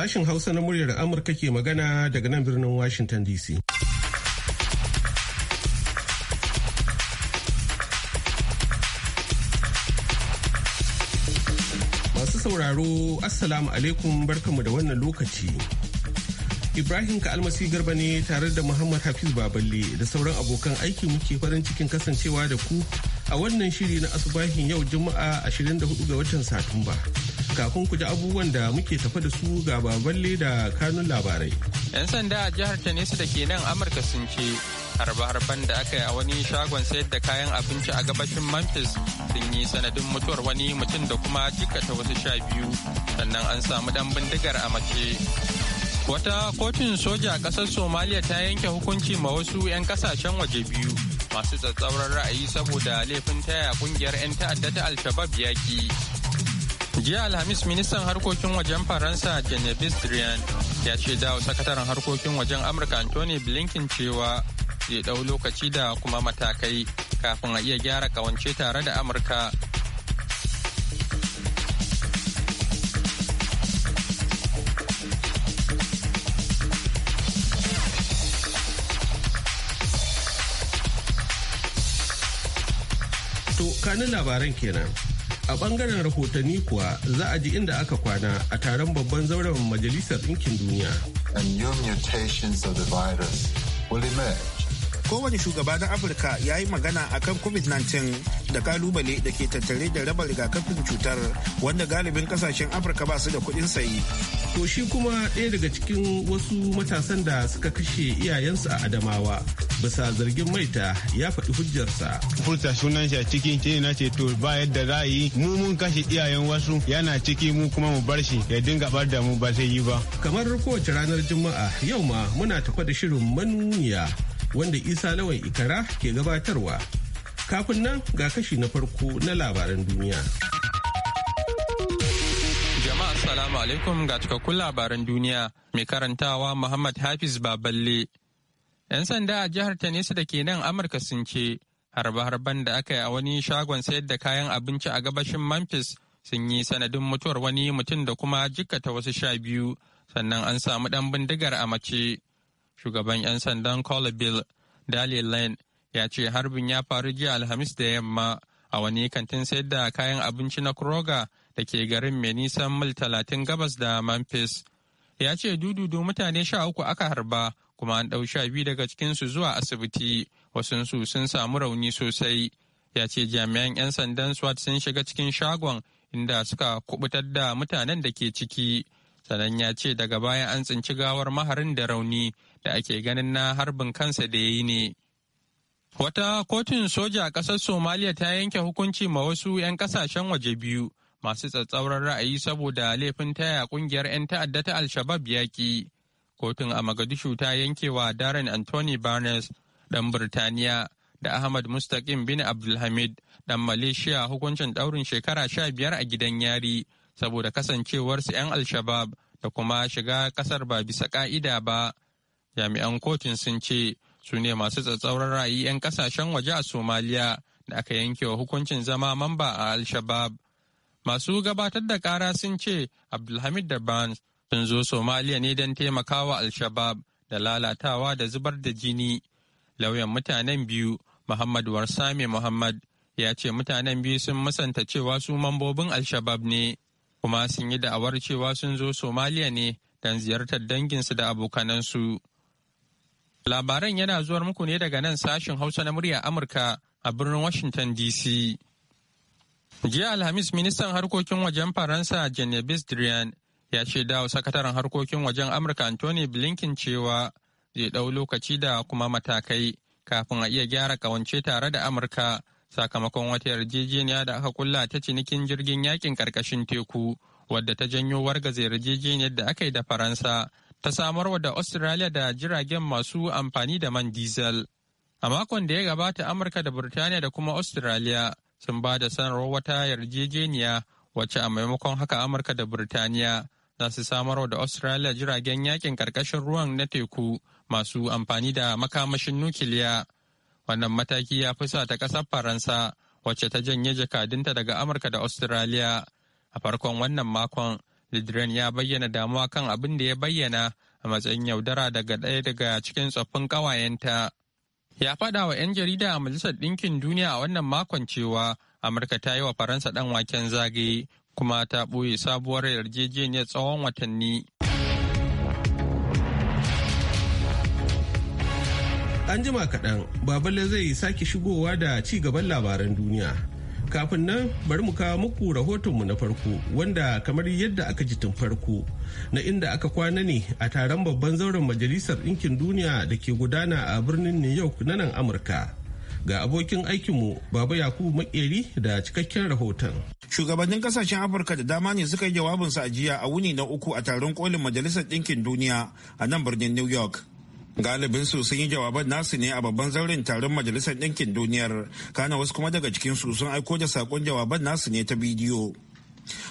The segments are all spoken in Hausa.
Sashen Hausa na muryar Amurka ke magana daga nan birnin Washington DC. Masu sauraro, Assalamu alaikum barkamu da wannan lokaci. Ibrahim Ka'almasi Garba ne tare da Muhammad Hafiz Baballe da sauran abokan aiki muke farin cikin kasancewa da ku a wannan shiri na asubahin yau Juma'a 24 ga watan Satumba. kafin ku ji abubuwan da muke tafa da su ga baballe leda kanun labarai. 'Yan sanda a jihar Tanisa da ke nan Amurka sun ce harba harben da aka yi a wani shagon sayar da kayan abinci a gabashin Memphis sun yi sanadin mutuwar wani mutum da kuma jikata wasu sha biyu sannan an samu dan bindigar a mace. Wata kotun soja a ƙasar Somaliya ta yanke hukunci ma wasu 'yan kasashen waje biyu masu tsatsauran ra'ayi saboda laifin taya ƙungiyar 'yan ta'adda ta Alshabab yaƙi. jiya alhamis ministan harkokin wajen faransa genevieve drian ya ce dawo sakataren harkokin wajen amurka anthony blinken cewa zai dau lokaci da kuma matakai kafin a iya gyara kawance tare da amurka To, kanin labaran kenan. A bangaren rahotanni kuwa za a ji inda aka kwana a taron babban zauren Majalisar Ɗinkin Duniya. And new mutations of the virus will emerge. kowane shugaba na afirka ya yi magana akan covid-19 da kalubale da ke tattare da raba rigakafin cutar wanda galibin kasashen afirka ba su da kuɗin sayi to shi kuma ɗaya daga cikin wasu matasan da suka kashe iyayensu a adamawa bisa zargin maita ya faɗi hujjarsa furta sunan shi a cikin ce na ce to ba yadda za yi mu mun kashe iyayen wasu yana ciki mu kuma mu bar shi ya dinga bar da mu ba zai yi ba kamar kowace ranar juma'a yau ma muna tafa da shirin manuniya wanda isa lawan ikara ke gabatarwa kafin nan ga kashi na farko na labaran duniya jama'a salamu alaikum ga cikakkun labaran duniya mai karantawa muhammad hafiz baballe 'yan sanda a jihar ta nesa da ke nan amurka sun ce harba-harban da aka yi a wani shagon sayar da kayan abinci a gabashin Memphis sun yi sanadin mutuwar wani mutum da kuma jikkata wasu sha biyu sannan an samu dan bindigar a mace. shugaban 'yan sandan Colabill Dale Lane ya ce harbin ya faru jiya Alhamis da yamma a wani kantin sayar da kayan abinci na Kroger da ke garin mai nisan mil talatin gabas da Memphis. Ya ce dududu mutane sha uku aka harba kuma an ɗau sha biyu daga cikinsu zuwa asibiti wasunsu sun samu rauni sosai. Ya ce jami'an 'yan sandan SWAT sun shiga cikin shagon inda suka kubutar da mutanen da ke ciki. sanan ya ce daga baya an tsinci gawar maharin da rauni da ake ganin na harbin kansa da ya yi ne. Wata kotun soja a ƙasar Somaliya ta yanke hukunci ma wasu 'yan ƙasashen waje biyu masu tsatsauran ra'ayi saboda laifin taya ƙungiyar 'yan ta'adda ta Alshabab yaƙi. Kotun a Magadishu ta yanke wa Darren Anthony Barnes ɗan Birtaniya da Ahmad Mustaqim bin Abdulhamid ɗan Malaysia hukuncin ɗaurin shekara sha biyar a gidan yari saboda kasancewarsu 'yan Alshabab da kuma shiga ƙasar ba bisa ƙa'ida ba. jami'an kotun sun ce su ne masu tsatsauran ra'ayi 'yan kasashen waje a somaliya da aka yanke wa hukuncin zama mamba a al-shabab masu gabatar da kara sun ce abdulhamid da barnes sun zo somaliya ne don taimakawa al-shabab da lalatawa da zubar da jini lauyan mutanen biyu muhammad warsame muhammad ya ce mutanen biyu sun musanta cewa su mambobin al-shabab ne kuma sun yi da'awar cewa sun zo somaliya ne don ziyartar danginsu da abokanansu Labaran yana zuwar muku ne daga nan sashen Hausa na murya Amurka a birnin Washington DC. Jiya Alhamis ministan harkokin wajen Faransa Genevieve Drian ya ce wa sakataren harkokin wajen Amurka Anthony Blinken cewa zai ɗau lokaci da kuma matakai kafin a iya gyara kawance tare da Amurka sakamakon wata yarjejeniya da aka kulla ta cinikin jirgin yakin karkashin teku wadda ta janyo wargaza yarjejeniyar da aka yi da Faransa ta samarwa da Australia da jiragen masu amfani da man diesel. A makon da ya gabata Amurka da Burtaniya da kuma Australia sun ba da sanarwar wata yarjejeniya wacce a maimakon haka Amurka da Burtaniya za su samarwa da Australia jiragen yakin karkashin ruwan na teku masu amfani da makamashin nukiliya. Wannan mataki ya fi sa ta ƙasar Faransa wacce ta janye jakadunta daga Amurka da Australia. A farkon wannan makon Lidren ya bayyana damuwa kan abin da ya bayyana a matsayin yaudara daga ɗaya daga cikin tsoffin ƙawayenta. Ya faɗa wa 'yan jarida a Majalisar Ɗinkin Duniya a wannan makon cewa Amurka ta yi wa Faransa ɗan waken zage kuma ta ɓoye sabuwar yarjejeniyar tsawon watanni. An jima kaɗan, Babale zai sake shigowa da ci gaban labaran duniya. Kafin nan bari mu kawo muku mu na farko wanda kamar yadda aka ji tun farko na inda aka kwana ne a taron babban zauren majalisar ɗinkin duniya da ke gudana a birnin New York na nan Amurka. Ga abokin aikinmu Baba Yakubu Makeri da cikakken rahoton. Shugabannin kasashen Afirka da dama ne suka yi jawabinsa a jiya a wuni na uku a taron kolin Majalisar Ɗinkin Duniya a nan birnin New York. galibinsu sun yi jawaban nasu ne a babban zauren taron majalisar ɗinkin duniyar kana wasu kuma daga su sun aiko da saƙon jawaban nasu ne ta bidiyo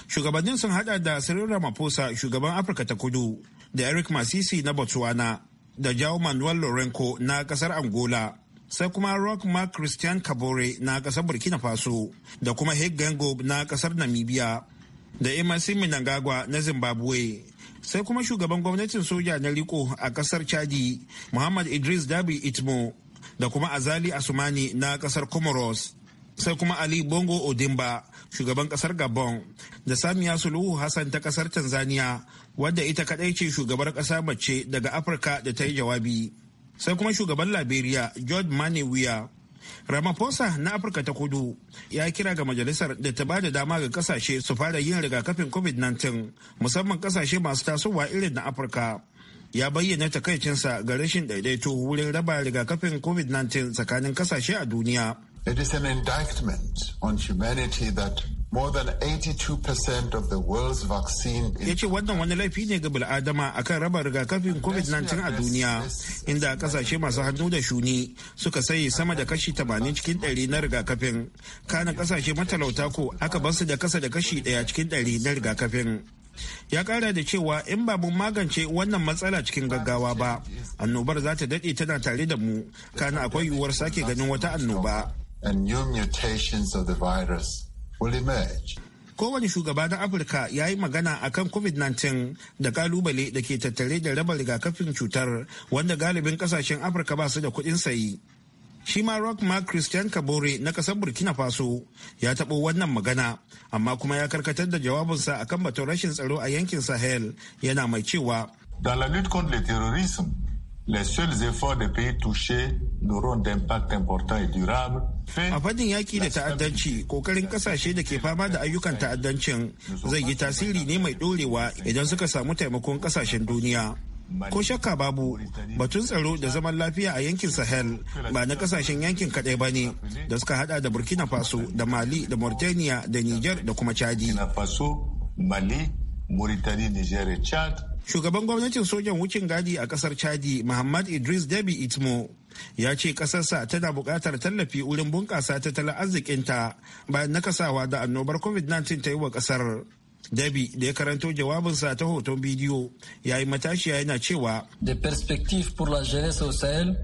shugabannin sun hada da Cyril Ramaphosa shugaban Afirka ta kudu da Eric Masisi na Botswana da Jao Manuel Lorenco na kasar Angola sai kuma Rock Mark Christian Kabore na kasar Burkina Faso da kuma Heggengo na kasar Namibia da Emerson minangagwa na Zimbabwe sai kuma shugaban gwamnatin soja na riko a kasar chadi muhammad idris dabi itmo da kuma azali asumani na kasar comoros sai kuma ali bongo odimba shugaban kasar gabon da samiya suluhu hassan ta kasar tanzania wadda ita kadai ce shugabar kasa mace daga afirka da ta yi jawabi sai kuma shugaban liberia george manewia. Ramaphosa na Afirka ta kudu ya kira ga majalisar da ta bada dama ga kasashe su fara yin rigakafin COVID-19 musamman kasashe masu tasowa irin na Afirka. Ya bayyana takaicinsa ga rashin daidaito wurin raba rigakafin COVID-19 tsakanin kasashe a duniya. It is an indictment on humanity that more than 82% of the world's vaccine ya ce wannan wani laifi ne ga bil'adama akan raba rigakafin covid-19 a duniya inda kasashe masu hannu da shuni suka sayi sama da kashi 80 cikin 100 na rigakafin kana kasashe matalauta ko aka basu da kasa da kashi daya cikin 100 na rigakafin ya kara da cewa in ba mun magance wannan matsala cikin gaggawa ba annobar za ta daɗe tana tare da mu kana akwai yiwuwar sake ganin wata annoba and new mutations of the virus will emerge. Kowane shugaba na Afirka ya yi magana akan kan COVID-19 da kalubale da ke tattare da raba rigakafin cutar wanda galibin kasashen Afirka ba su da kuɗin sayi. Shi ma Rock Mark Christian Kabore na ƙasar Burkina Faso ya taɓo wannan magana, amma kuma ya karkatar da jawabinsa akan batun rashin tsaro a yankin Sahel yana mai cewa. Dans la lutte contre le terrorisme, les seuls efforts des pays touchés n'auront d'impact important et durable. A fadin yaki da ta'addanci, kokarin kasashe da ke fama da ayyukan ta'addancin zai yi tasiri ne mai dorewa idan suka samu taimakon kasashen duniya. Ko shakka babu batun tsaro da zaman lafiya a yankin Sahel ba na kasashen yankin kadai ba ne da suka hada da Burkina Faso da Mali da Mauritania da Niger da kuma Chadi. Mali Mauritania, nigeria Chad. Shugaban gwamnatin sojan wucin gadi a kasar Chadi, Muhammad Idris Debi Itmo, ya ce kasarsa tana buƙatar tallafi wurin bunƙasa ta tattalin arzikinta bayan nakasawa da annobar COVID-19 ta yi wa kasar. Debi da ya karanto jawabinsa ta hoton bidiyo ya yi matashiya yana cewa. The perspective pour la jeunesse au Sahel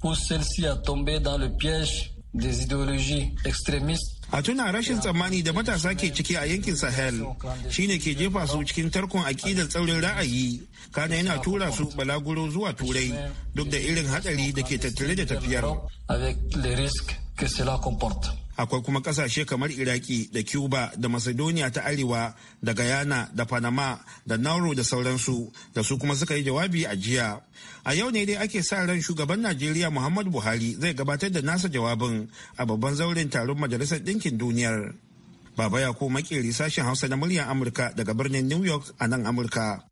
pousse celle-ci à tomber dans le piège des idéologies extrémistes a tuna rashin tsammani da matasa ke ciki a yankin sahel shine ke jefa su cikin tarkon aƙidar tsaurin ra'ayi kana yana tura su balaguro zuwa turai duk da irin hatsari da ke tattare da tafiyar akwai kuma kasashe kamar iraki da cuba da macedonia ta arewa da guyana da panama da nauru da sauransu da su kuma suka yi jawabi a jiya a yau ne dai ake sa ran shugaban najeriya muhammadu buhari zai gabatar da nasa jawabin a babban zauren taron majalisar ɗinkin duniyar baba ya ko makeri sashen hausa na muryar amurka daga birnin new york a nan amurka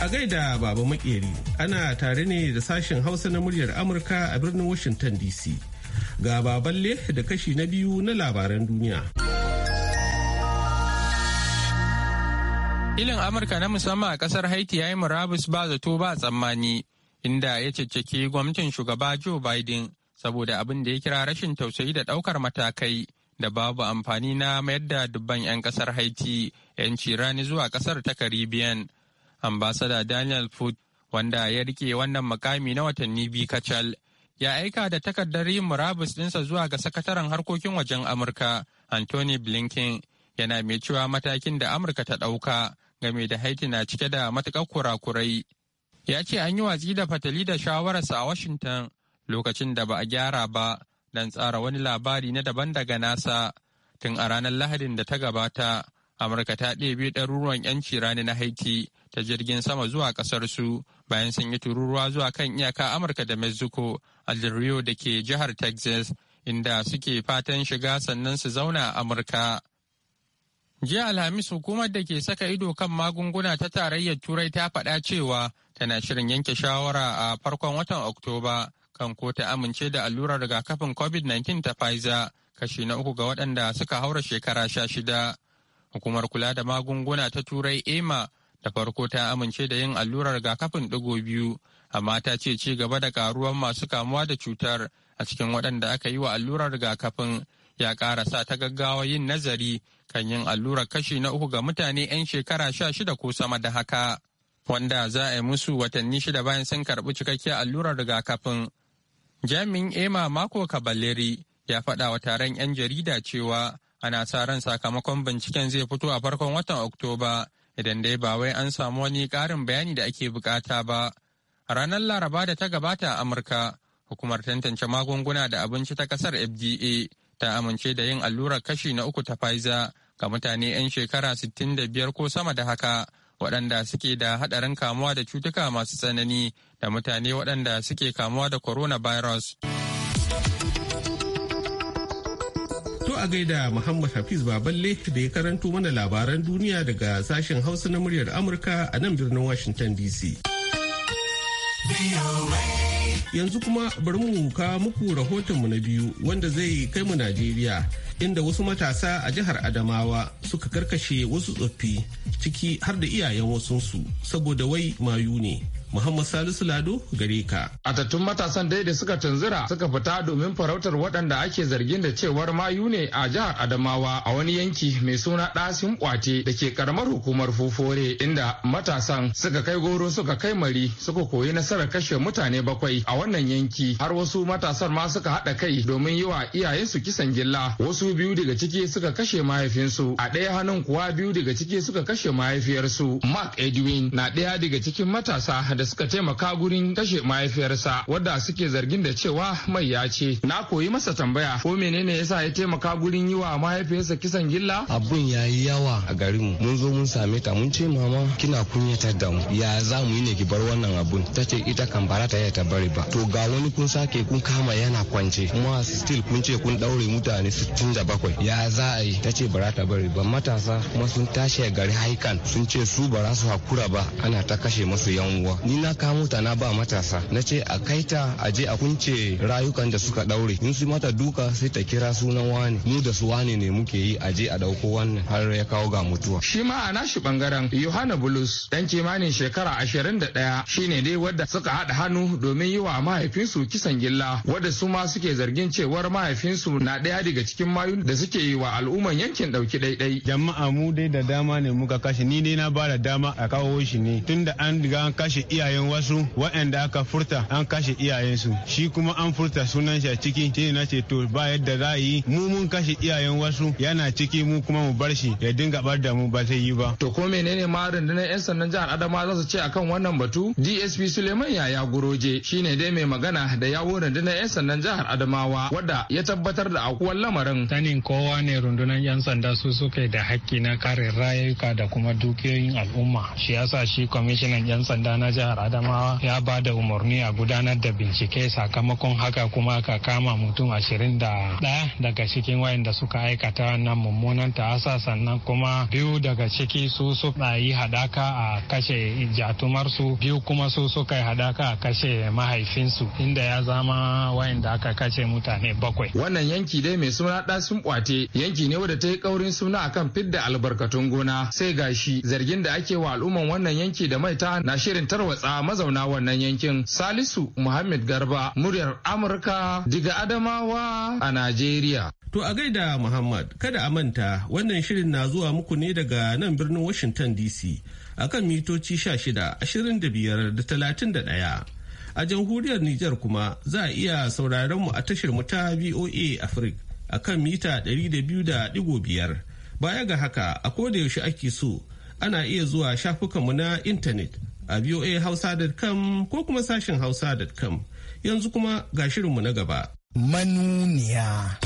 A gaida Baba Makeri ana tare ne da sashen Hausa na muryar Amurka a birnin Washington DC. Ga baballe da kashi na biyu na labaran duniya. Ilin Amurka na musamman a kasar Haiti ya yi murabus ba zato ba tsammani, inda ya ceceki gwamnatin shugaba Joe Biden saboda abin da ya kira rashin tausayi da daukar matakai da babu amfani na mayar da dubban 'yan kasar Haiti 'yanci rani zuwa kasar ta Caribbean. ambasada daniel food wanda ya rike wannan mukami na watanni biyu kacal ya aika da takardar yin murabus dinsa zuwa ga sakataren harkokin wajen amurka anthony blinken yana mai cewa matakin da amurka ta ɗauka game da haiti na cike da matuƙar kurakurai ya ce an yi watsi da fatali da shawararsa a washington lokacin da ba a gyara ba don tsara wani labari na daban daga nasa tun a ranar lahadin da ta gabata amurka ta ɗebe ɗaruruwan 'yanci rani na haiti ta jirgin sama zuwa ƙasar su bayan sun yi tururuwa zuwa kan iyaka amurka da mexico a rio da ke jihar texas inda suke fatan shiga sannan su zauna amurka jiya alhamis hukumar da ke saka ido kan magunguna ta tarayyar turai ta faɗa cewa tana shirin yanke shawara a farkon watan oktoba kan ko ta amince da allurar rigakafin covid-19 ta pfizer kashi na uku ga waɗanda suka haura shekara sha shida Hukumar kula da magunguna ta Turai EMA da farko ta amince da yin allurar rigakafin ɗigo biyu, amma ta ce ci gaba da karuwan masu kamuwa da cutar a cikin waɗanda aka yi wa allurar rigakafin ya ƙara sa ta gaggawa yin nazari kan yin allurar kashi na uku ga mutane 'yan shekara sha shida ko sama da haka. Wanda za a yi musu watanni shida bayan sun karɓi cikakkiyar allurar rigakafin. Jami'in EMA Mako Kabaleri ya faɗa wa taron 'yan jarida cewa ana sa ran sakamakon binciken zai fito a farkon watan oktoba idan dai ba wai an samu wani ƙarin bayani da ake bukata ba ranar laraba da ta gabata a amurka hukumar tantance magunguna da abinci ta kasar fda ta amince da yin allurar kashi na uku ta Pfizer ga mutane 'yan shekara 65 ko sama da haka waɗanda suke da haɗarin kamuwa da cutuka masu tsanani da mutane waɗanda suke kamuwa da coronavirus. virus To a gaida Muhammad Hafiz Baballe da ya karanto mana labaran duniya daga sashen Hausa na muryar Amurka a nan birnin Washington DC. Yanzu kuma bari mu ka muku rahotonmu na biyu wanda zai kai mu Najeriya inda wasu matasa a jihar Adamawa suka karkashe wasu tsoffi ciki har da iyayen wasunsu saboda wai mayu ne. Muhammad Salisu Lado gare ka. Atattun matasan dai da suka tunzura suka fita domin farautar waɗanda ake zargin da cewar mayu ne a jihar Adamawa a wani yanki mai suna ɗasin kwate da ke karamar hukumar fufore inda matasan suka kai goro suka kai mari suka koyi nasarar kashe mutane bakwai a wannan yanki har wasu matasan ma suka haɗa kai domin yi wa iyayensu kisan gilla wasu biyu daga ciki suka kashe mahaifinsu a ɗaya hannun kuwa biyu daga ciki suka kashe mahaifiyarsu Mark Edwin na ɗaya daga cikin matasa da suka taimaka gurin kashe mahaifiyarsa wadda suke zargin da cewa mai ya ce na koyi masa tambaya ko menene yasa ya taimaka gurin yi wa mahaifiyarsa kisan gilla abun ya yi yawa a garin mu mun zo mun same ta mun ce mama kina kunyatar da mu ya za mu yi ne ki bar wannan abun ta ce ita kan bara ta ta bari ba to ga wani kun sake kun kama yana kwance kuma still kun ce kun daure mutane 67 ya za a yi ta ce bara ta bari ba matasa kuma sun tashi gari haikan sun ce su bara su hakura ba ana ta kashe masu yan uwa ni na kamo ta na ba matasa na ce a kai ta a je a kunce rayukan da suka daure in su mata duka sai ta kira sunan wani mu da su wani ne muke yi a je a dauko wannan har ya kawo ga mutuwa shi ma a nashi bangaren yohana bulus dan kimanin shekara ashirin da ɗaya shine dai wadda suka haɗa hannu domin yi wa mahaifinsu kisan gilla wadda su ma suke zargin cewar mahaifinsu na ɗaya daga cikin mayun da suke yi wa al'umman yankin ɗauki ɗaiɗai jama'a mu dai da dama ne muka kashe ni dai na ba da dama a kawo shi ne tunda an riga kashe iya iyayen wasu waɗanda aka furta an kashe iyayensu shi kuma an furta sunan shi a ciki shi na ce to ba yadda za yi mu mun kashe iyayen wasu yana ciki mu kuma mu bar shi ya dinga bar da mu ba zai yi ba. To ko menene ma rundunar 'yan sandan jihar Adama za su ce akan wannan batu? DSP Suleiman Yaya Guroje shine dai mai magana da yawo rundunar 'yan sandan jihar Adamawa wadda ya tabbatar da akuwar lamarin. Sanin kowa ne rundunar 'yan sanda su suke da hakki na kare rayuka da kuma dukiyoyin al'umma. Shi yasa shi kwamishinan 'yan sanda na jihar jihar adamawa ya ba da umarni a gudanar da bincike sakamakon haka kuma aka kama mutum ashirin da daga cikin wayanda suka aikata wannan mummunan ta'asa sannan kuma biyu daga ciki su suka yi hadaka a kashe jatumarsu biyu kuma su suka yi hadaka a kashe mahaifinsu inda ya zama wayanda aka kashe mutane bakwai wannan yanki dai mai suna ɗasun ɓwate yanki ne wadda ta yi ƙaurin suna akan fidda albarkatun gona sai gashi zargin da ake wa al'umman wannan yanki da maita na shirin tarwatsa Matsa mazauna wannan yankin salisu muhammad garba muryar amurka diga adamawa a najeriya to a gaida muhammad kada a manta wannan shirin na zuwa muku ne daga nan birnin washington dc a kan mitoci 16 25 da 31 a jamhuriyar Nijar kuma za a iya sauraron mu a tashar mu ta VOA Africa a kan mita 200.5 baya ga haka a koda yaushe ake so ana iya zuwa shafukanmu na intanet a voahausa.com ko kuma sashin hausa.com yanzu kuma ga shirinmu na gaba. Manuniya.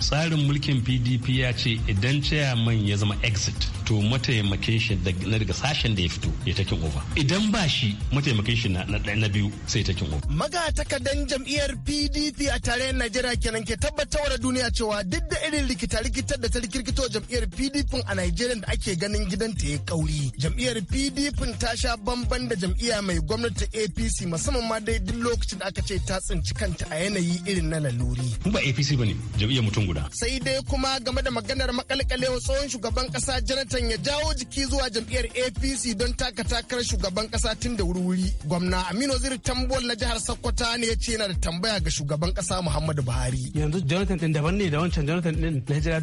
Tsarin mulkin PDP ya ce idan chairman ya zama exit to mataimakin shi na daga sashen da ya fito ya takin over idan ba shi mataimakin shi na na biyu sai kin over maga takardan jam'iyyar PDP a tare Najeriya kenan ke tabbatar da duniya cewa duk da irin rikita-rikitar da ta rikirkito jam'iyyar PDP a Najeriya da ake ganin gidanta ya kauri jam'iyyar PDP ta sha bamban da jam'iyya mai gwamnati APC musamman ma dai duk lokacin da aka ce ta tsinci kanta a yanayi irin na laluri ba APC bane jam'iyyar mutum guda sai dai kuma game da maganar makalkalewa tsohon shugaban kasa Jonathan Jonathan ya jawo jiki zuwa jam'iyyar APC don taka takarar shugaban kasa tun da wuri-wuri. Gwamna Aminu Ziri Tambol na jihar Sokoto ne ya ce yana da tambaya ga shugaban kasa Muhammadu Buhari. Yanzu Jonathan din daban ne da wancan Jonathan din na hijira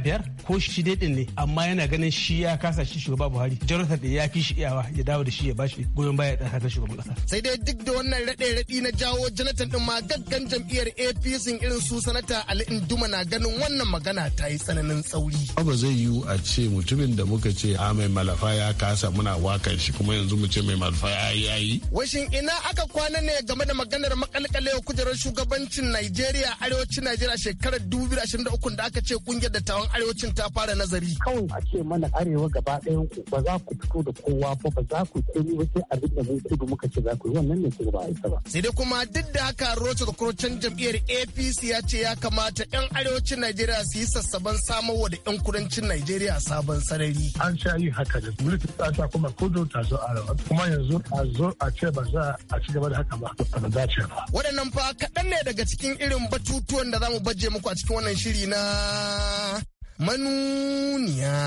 biyar ko shi dai din ne amma yana ganin shi ya kasa shi shugaba Buhari. Jonathan din ya fi shi iyawa ya dawo da shi ya bashi goyon baya da takarar shugaban kasa. Sai dai duk da wannan raɗe-raɗi na jawo Jonathan din ma gaggan jam'iyyar APC irin su sanata Ali Induma na ganin wannan magana ta yi tsananin tsauri. Ba zai yiwu a ce ce mutumin da muka ce a ah, mai malafa ya kasa muna wakan shi kuma yanzu mu ce mai malafa ya yi ya yi. Washin ina aka kwana ne game da maganar makalkale kujerar shugabancin Najeriya arewacin Najeriya shekarar 2023 da aka ce kungiyar tawan arewacin ta fara nazari. Kawai a ce mana arewa gaba ɗayan ku ba za ku fito da kowa ba ba za ku komi ba sai abin da mun kudu muka ce za ku yi wannan ne su ba a ba. Sai dai kuma duk da haka Rocha Kurocin jam'iyyar APC ya ce ya kamata 'yan arewacin Najeriya su yi sassaban samarwa da 'yan kudancin Najeriya sabon sarari. An sha yi haka da mulki ta kuma kudu ta zo a rawa. kuma yanzu a zo a ce ba za a ci gaba da haka ba ba ce ba. Waɗannan fa kaɗan ne daga cikin irin batutuwan da za mu baje muku a cikin wannan shiri na manuniya.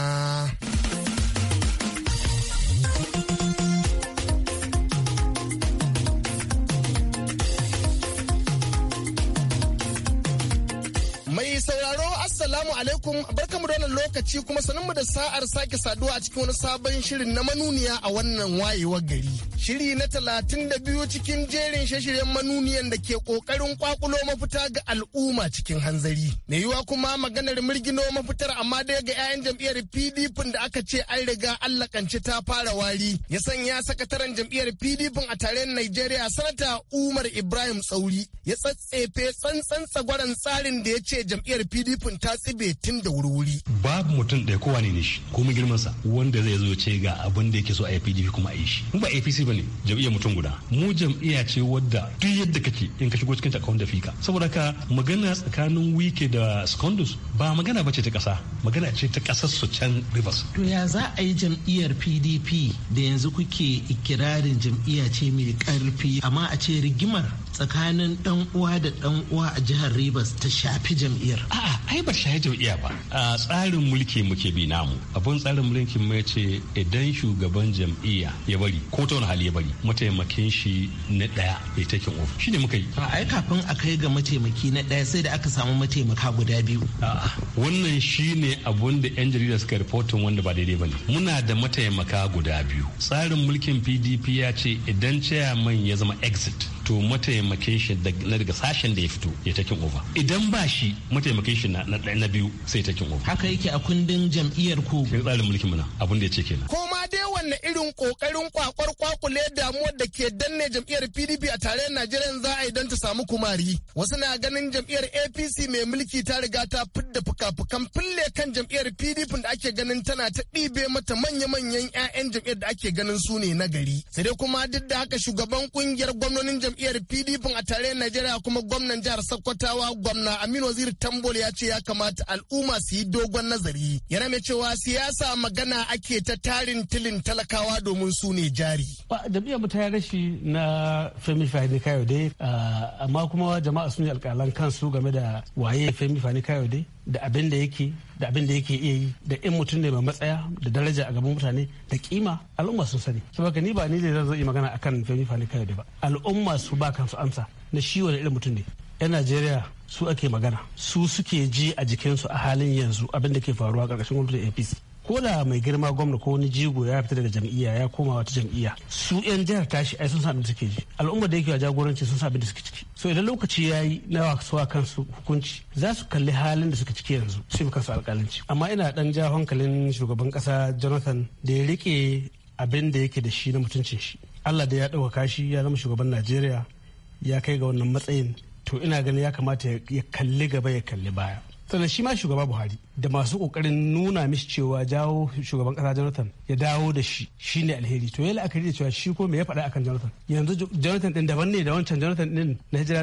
mai sauraro Assalamu alaikum barkamu da wannan lokaci kuma sanin mu da sa'ar sake saduwa a cikin wani sabon shirin na manuniya a wannan wayewar gari. Shiri na talatin da biyu cikin jerin shashiryen manuniyan da ke kokarin kwakulo mafita ga al'umma cikin hanzari. Na yiwa kuma maganar mirgino mafitar amma dai ga 'ya'yan jam'iyyar PDP da aka ce an riga an lakanci ta fara wari. Ya sanya sakataren jam'iyyar PDP a tarayyar Najeriya sanata Umar Ibrahim Tsauri ya tsatsefe tsantsan tsagwaron tsarin da ya ce jam'iyyar PDP ta tsibe tun da wuri Babu mutum ɗaya kowa ne shi ko mun girman sa wanda zai zo ce ga abin da yake so a PDP kuma a yi shi. Mu ba APC bane jam'iyyar mutum guda. Mu jam'iyya ce wadda duk yadda kake in ka shigo cikin ta kawun da fika. Saboda ka magana tsakanin wike da secondus ba magana bace ta ƙasa magana ce ta ƙasar su can rivers. To ya za a yi jam'iyyar PDP da yanzu kuke ikirarin jam'iyya ce mai ƙarfi amma a ce rigimar tsakanin dan uwa da dan uwa a jihar Rivers ta shafi jam'iyyar. A'a, ai ba shafi jam'iyya ba. A tsarin mulki muke bi namu. Abun tsarin mulkin mai ce idan shugaban jam'iyya ya bari ko ta wani hali ya bari mataimakin shi na daya ya take ofis. Shine muka yi. Ai kafin a kai ga mataimaki na daya sai da aka samu mataimaka guda biyu. A'a, wannan shine abun da yan jarida suka rahoton wanda ba daidai bane. Muna da mataimaka guda biyu. Tsarin mulkin PDP ya ce idan chairman ya zama exit to mataimakin shi na daga sashen da ya fito ya takin over idan ba shi mataimakin shi na biyu sai takin over haka yake a kundin jam'iyyar ku ke tsarin mulkin muna abin da ya ce kenan ko ma dai wanne irin kokarin kwakwar kwakule damuwar da ke danne jam'iyyar PDP a tare Najeriya za a yi don ta samu kumari wasu na ganin jam'iyyar APC mai mulki ta riga ta fidda fuka-fukan fille kan jam'iyyar PDP da ake ganin tana ta ɗibe mata manya-manyan 'ya'yan jam'iyyar da ake ganin su ne na gari sai dai kuma duk da haka shugaban kungiyar gwamnonin jam'iyyar pdp a tarayyar najeriya kuma gwamnan jihar sokotawa gwamna aminu wazir tambol ya ce ya kamata al'umma su yi dogon nazari yana mai cewa siyasa magana ake ta tarin tilin talakawa domin su ne jari jam'iyyar mu ta yi rashi na femi fahimi kayode ah, amma kuma jama'a sun yi alƙalan kansu game da waye femi fahimi kayode da abin da yake da abin da yake iya yi da in mutum ne mai matsaya da daraja a gaban mutane da kima al'umma sun sani saboda ni ba ni ne zan yi magana akan Femi Fani Kayode ba al'umma su ba kansu amsa na shi wani irin mutum ne yan Najeriya su ake magana su suke ji a jikinsu a halin yanzu abin da ke faruwa ƙarƙashin gwamnatin APC ko da mai girma gwamna ko wani jigo ya fita daga jam'iyya ya koma wata jam'iyya su yan jihar tashi ai sun sa abin da suke ji al'umma da yake a jagoranci sun sa abin da suke ciki so idan lokaci ya yi na wasu a kansu hukunci za su kalli halin da suke ciki yanzu su yi kansu alkalanci amma ina dan ja hankalin shugaban kasa jonathan da ya rike abin da yake da shi na mutuncin shi allah da ya ɗauka shi ya zama shugaban najeriya ya kai ga wannan matsayin to ina ganin ya kamata ya kalli gaba ya kalli baya sannan shi ma shugaba buhari da masu kokarin nuna mishi cewa jawo shugaban kasa jonathan ya dawo da shi shine alheri to yayi la'akari da cewa shi ko me ya faɗa akan jonathan yanzu jonathan din daban ne da wancan jonathan din na hijira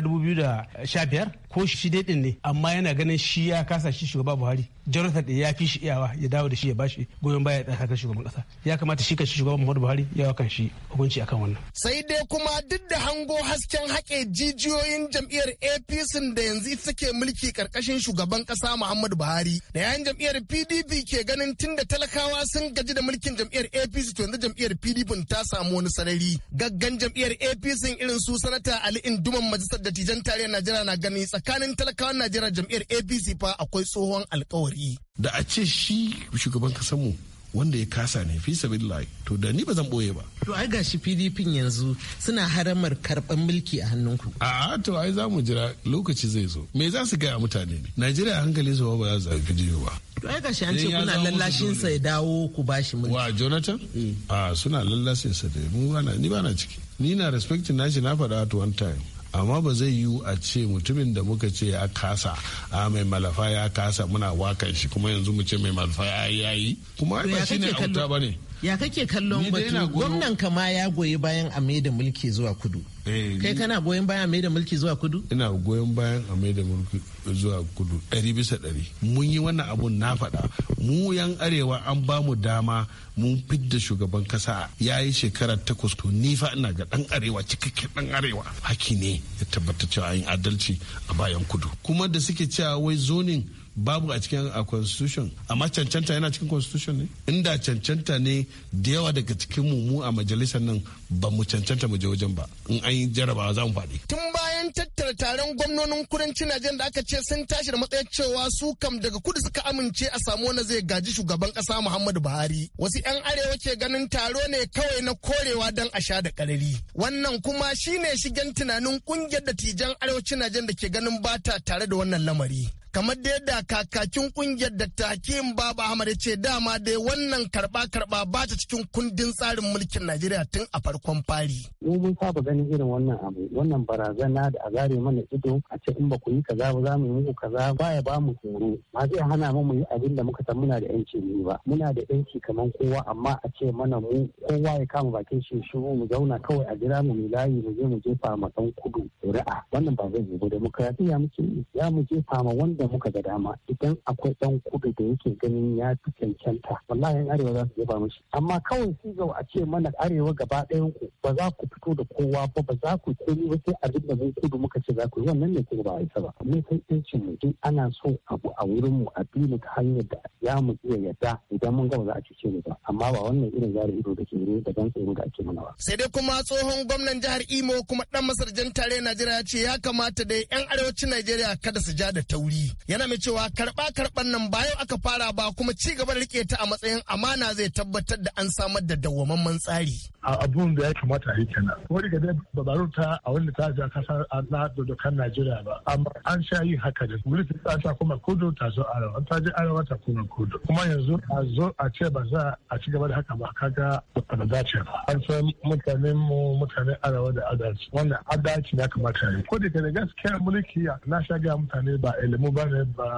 biyar ko shi dai din ne amma yana ganin shi ya kasa shi shugaba buhari jonathan din ya fi shi iyawa ya dawo da shi ya bashi goyon baya da kakar shugaban kasa ya kamata shi ka shi shugaban muhammadu buhari ya kan shi hukunci akan wannan sai dai kuma duk da hango hasken haƙe jijiyoyin jam'iyyar apc da yanzu suke mulki karkashin shugaban kasa muhammadu buhari yayin jam'iyyar pdp ke ganin tunda talakawa sun gaji da mulkin jam'iyyar apc to yanzu jam'iyyar pdp ta samu wani sarari gaggan jam'iyyar apc irin su sanata ali induman majalisar dattijan tarayyar najeriya na gani tsakanin talakawan najeriya jam'iyyar apc fa akwai tsohon alkawari da a ce shi shugaban kasanmu wanda ya kasa ne fi sabilillahi to da ni ba zan boye ba to ai gashi PDP yanzu suna haramar karban mulki a hannunku a to ai za mu jira lokaci zai zo me za su gaya mutane ne Najeriya hankali su ba za su jiyo ba to ai gashi an ce eh, kuna lallashin sa ya dawo ku bashi mulki wa Jonathan eh. a suna lallashin sa da mu ba ni ba na ciki ni na respecting nashi na faɗa at one time amma ba zai yiwu a ce mutumin da muka ce ya kasa a mai malafa ya kasa muna wakan shi kuma yanzu mu ce mai malafa ya yi kuma ba shine auta ba ne ya kake kallon batu gwamnan kama ya goyi bayan a da mulki zuwa kudu eh, kai kana goyon bayan a da mulki zuwa kudu ina goyon bayan a da mulki zuwa kudu ɗari bisa ɗari mun yi wannan abun na faɗa mu yan arewa an ba mu dama mun fidda shugaban kasa ya yi shekara takwas to ni fa ina ga ɗan arewa cikakken ɗan arewa haki ne ya tabbata cewa yin adalci a bayan kudu kuma da suke cewa wai zonin babu a cikin a constitution amma cancanta yana cikin constitution ne inda cancanta ne da yawa daga cikin mu a majalisar nan ba mu cancanta mu je wajen ba in an yi jaraba za mu faɗi. tun bayan tattara taron gwamnonin kudancin najeriya da aka ce sun tashi da matsayin cewa su kam daga kudu suka amince a samu wani zai gaji shugaban kasa muhammadu buhari wasu yan arewa ke ganin taro ne kawai na korewa don a sha da karari wannan kuma shine shigen tunanin kungiyar da tijan arewacin najeriya da ke ganin bata tare da wannan lamari kamar da yadda kakakin kungiyar da hakim baba ahmad ya ce dama dai wannan karba karba ba ta cikin kundin tsarin mulkin najeriya tun a farkon fari mu mun saba ganin irin wannan abu wannan barazana da a zare mana ido a ce in ba ku yi kaza ba za mu yi muku kaza ba ya ba mu horo. ma zai hana mu mu yi abin da muka san muna da yanci ne ba muna da yanci kamar kowa amma a ce mana mu kowa ya kama bakin shi shiru mu zauna kawai a jira mu layi mu je mu jefa ma dan kudu ra'a wannan ba zai yi ba demokratiya muke ya mu jefa ma wanda yadda muka ga dama idan akwai dan kudu da yake ganin ya fi cancanta wallahi arewa za su yaba mishi amma kawai su ga a ce mana arewa gaba ɗayan ku ba za ku fito da kowa ba ba za ku komi ba sai abin da mun kudu muka ce za ku yi wannan ne kuma ba a isa ba mun san yancin mu duk ana so abu a wurin mu a bi mu ta hanyar da ya mu iya yadda idan mun gaba za a cece mu ba amma ba wannan irin zara ido da ke ne da ban tsoro da ake mana ba sai dai kuma tsohon gwamnan jihar Imo kuma dan jan tare Najeriya ce ya kamata da yan arewacin Najeriya kada su ja da tauri yana mai cewa karba karban nan bayan aka fara ba kuma ci gaba da rike ta a matsayin amana zai tabbatar da an samar da dawwamamman tsari. a abun da ya kamata a yi kenan daga dai babarun ta a wani ta ja kasa na dodokan najeriya ba amma an sha yi haka da wuri ta ta kuma kudu ta zo arewa ta je arewa ta kuma kudu kuma yanzu a zo a ce ba za a ci gaba da haka ba kaga ba ce ba an san mutanen mu mutanen arewa da adalci wannan adalci ya kamata a yi ko daga gaskiya mulki na sha ga mutane ba ilimu ba bane ba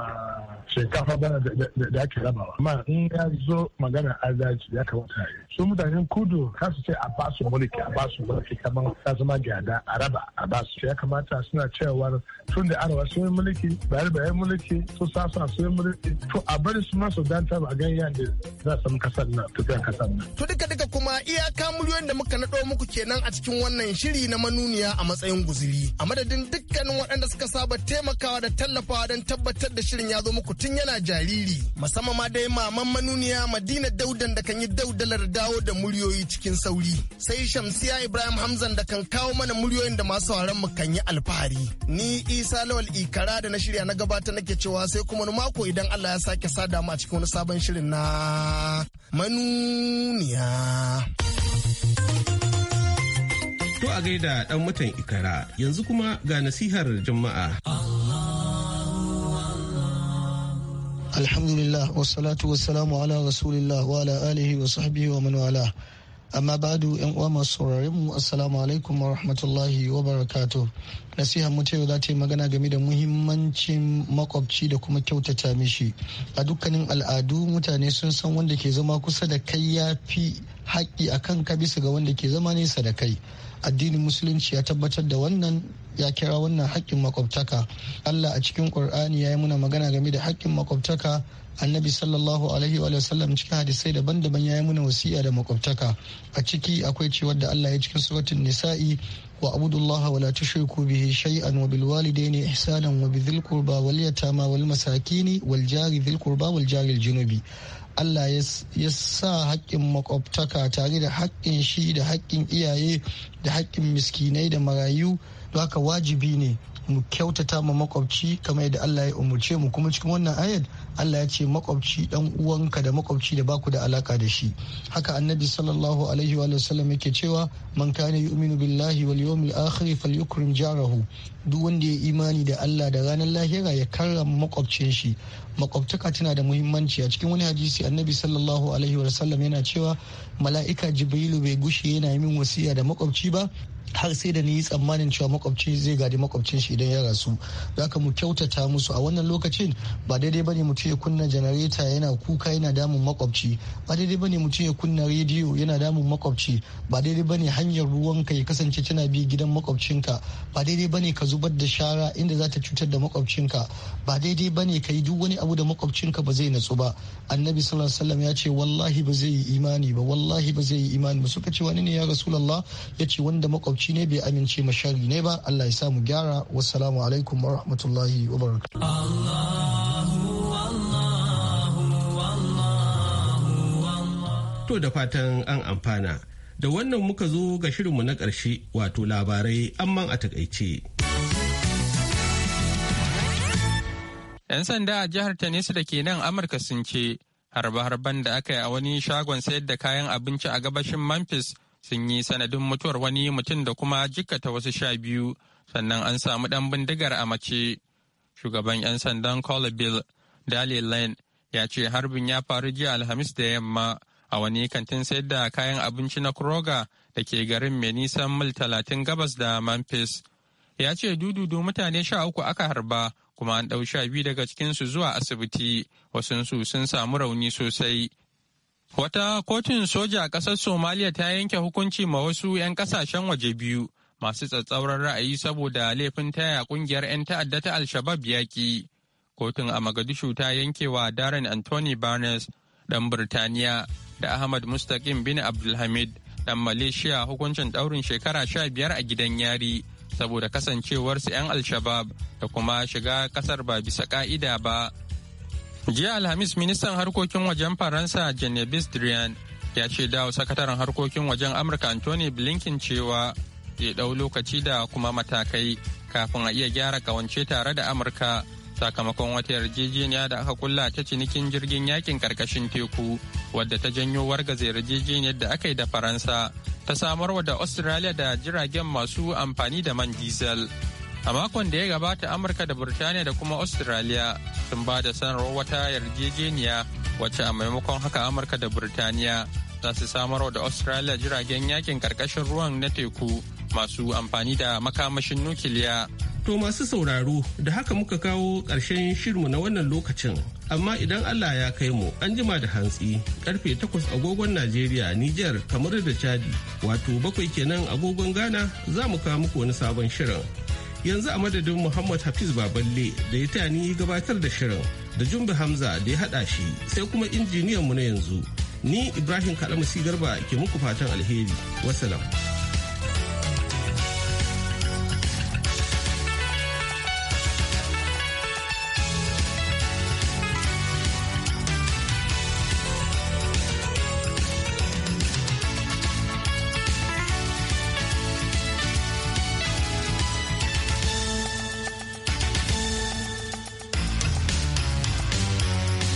shinkafa bane da ake rabawa amma in ya zo magana azaji ya kamata yi su mutanen kudu ka su ce a basu mulki a basu mulki kamar ta zama gyada a raba a basu ya kamata suna cewa tun da arewa sun yi mulki bayar da mulki su sasa sun yi mulki to a bari su masu danta ba gan yan da za su kasar nan tafiyar kasar nan. to duka duka kuma iyaka miliyoyin da muka naɗo muku kenan a cikin wannan shiri na manuniya a matsayin guzuri a madadin dukkanin waɗanda suka saba taimakawa da tallafawa don tabbatar da shirin ya zo muku tun yana jariri musamman ma dai maman manuniya madina daudan da kan yi daudalar dawo da muryoyi cikin sauri sai shamsiya ibrahim hamzan da kan kawo mana muryoyin da masu sauran mu kan yi alfahari ni isa lawal ikara da na shirya na gabata nake cewa sai kuma mako idan allah ya sake sada mu a cikin wani sabon shirin na manuniya To a gaida dan mutan ikara yanzu kuma ga nasihar jama'a. Allah. alhamdulillah wassalatu wassalamu ala rasulillah wa ala alihi wa sahbihi wa man wala amma badu yan uwa masu sauraren mu assalamu alaikum wa rahmatullahi wa barakatu nasiha mu ta yau za ta yi magana game da muhimmancin makwabci da kuma kyautata mishi a dukkanin al'adu mutane sun san wanda ke zama kusa da kai ya fi haƙƙi a kanka bisa ga wanda ke zama nesa da kai addinin musulunci ya tabbatar da wannan ya kira wannan haƙƙin makwabtaka allah a cikin ƙur'ani ya yi muna magana game da haƙƙin makwabtaka annabi sallallahu alaihi wa sallam cikin hadisai daban-daban ya yi muna wasiya da makwabtaka a ciki akwai cewar da allah ya cikin suratul nisa'i wa abudullaha wa la tushriku bihi shay'an wa bil walidaini ihsanan wa bi dhil qurba wal yatama wal masakini wal jari dhil qurba wal jari al junubi allah ya sa haƙƙin makwabtaka tare da haƙƙin shi da haƙƙin iyaye da haƙƙin miskinai da marayu haka wajibi ne mu kyautata ma makwabci kamar yadda Allah ya umurce mu kuma cikin wannan ayat Allah ya ce makwabci dan uwanka da makwabci da baku da alaka da shi haka annabi sallallahu alaihi wa sallam yake cewa man kana yu'minu billahi wal yawmil akhir falyukrim jarahu duk wanda ya imani da Allah da ranar lahira ya karrama makwabcin shi makwabtaka tana da muhimmanci a cikin wani hadisi annabi sallallahu alaihi wa sallam yana cewa mala'ika jibrilu bai gushe yana min wasiya da makwabci ba har sai da ni yi tsammanin cewa makwabci zai gadi makwabcin shi idan ya rasu za ka mu kyautata musu a wannan lokacin ba daidai bane mutum ya kunna janareta yana kuka yana damun makwabci ba daidai bane mutum ya kunna rediyo yana damun makwabci ba daidai bane hanyar ruwanka ya kasance tana bi gidan makwabcinka ba daidai bane ka zubar da shara inda za ta cutar da makwabcinka ba daidai bane ka yi duk wani abu da makwabcinka ba zai natsu ba annabi sallallahu alaihi wasallam ya ce wallahi ba zai yi imani ba wallahi ba zai yi imani ba suka ce wani ne ya rasulullah ya ce wanda makwabci makwabci ne bai amince ma shari ne ba Allah ya samu gyara wassalamu alaikum wa rahmatullahi wa To da fatan an amfana da wannan muka zo ga shirinmu na ƙarshe wato labarai amman a takaice. 'Yan sanda a jihar Tennessee da ke nan Amurka sun ce harbe-harben da aka yi a wani shagon sayar da kayan abinci a gabashin Memphis sun yi sanadin mutuwar wani mutum da kuma jikkata wasu sha biyu sannan an samu ɗan bindigar a mace shugaban 'yan sandan colabill dali lane ya ce harbin ya faru jiya alhamis da yamma a wani kantin sayar da kayan abinci na kroger da ke garin mai nisan mil talatin gabas da memphis ya ce dududu mutane sha uku aka harba kuma an ɗau sha biyu daga cikinsu zuwa asibiti wasunsu sun samu rauni sosai Wata kotun soja a ƙasar Somaliya ta yanke hukunci ma wasu 'yan ƙasashen waje biyu masu tsatsauran ra'ayi saboda laifin taya ƙungiyar 'yan ta'adda ta alshabab ya yaƙi. Kotun a Magadishu ta yankewa wa Darren Anthony Barnes ɗan Birtaniya da Ahmad Mustaqim bin Abdulhamid ɗan Malaysia hukuncin ɗaurin shekara sha biyar a gidan yari saboda kasancewarsu 'yan alshabab da kuma shiga ƙasar ba bisa ƙa'ida ba jiya alhamis ministan harkokin wajen faransa genevieve drian ya ce dawo sakataren harkokin wajen amurka anthony blinken cewa ya ɗau lokaci da kuma matakai kafin a iya gyara kawance tare da amurka sakamakon wata yarjejeniya da aka kulla ta cinikin jirgin yakin karkashin teku wadda ta janyo wargaza yarjejeniyar da aka yi da faransa ta samarwa da australia da jiragen masu amfani da man diesel A makon da ya gabata Amurka da Burtaniya da kuma Australia sun ba da sanarwar wata yarjejeniya wacce a maimakon haka Amurka da Burtaniya za su samarwa da Australia jiragen yakin karkashin ruwan na teku masu amfani da makamashin nukiliya. To masu sauraro da haka muka kawo ƙarshen shirinmu na wannan lokacin. Amma idan Allah ya kai mu an jima da hantsi karfe takwas agogon Najeriya, Nijar, kamar da Chadi, wato bakwai kenan agogon Ghana za mu kawo muku wani sabon shirin. yanzu a madadin muhammad hafiz baballe da ya tani gabatar da shirin da jumbe hamza da ya hada shi sai kuma injiniyan mu na yanzu ni ibrahim kalamasi garba ke muku fatan alheri wasalam.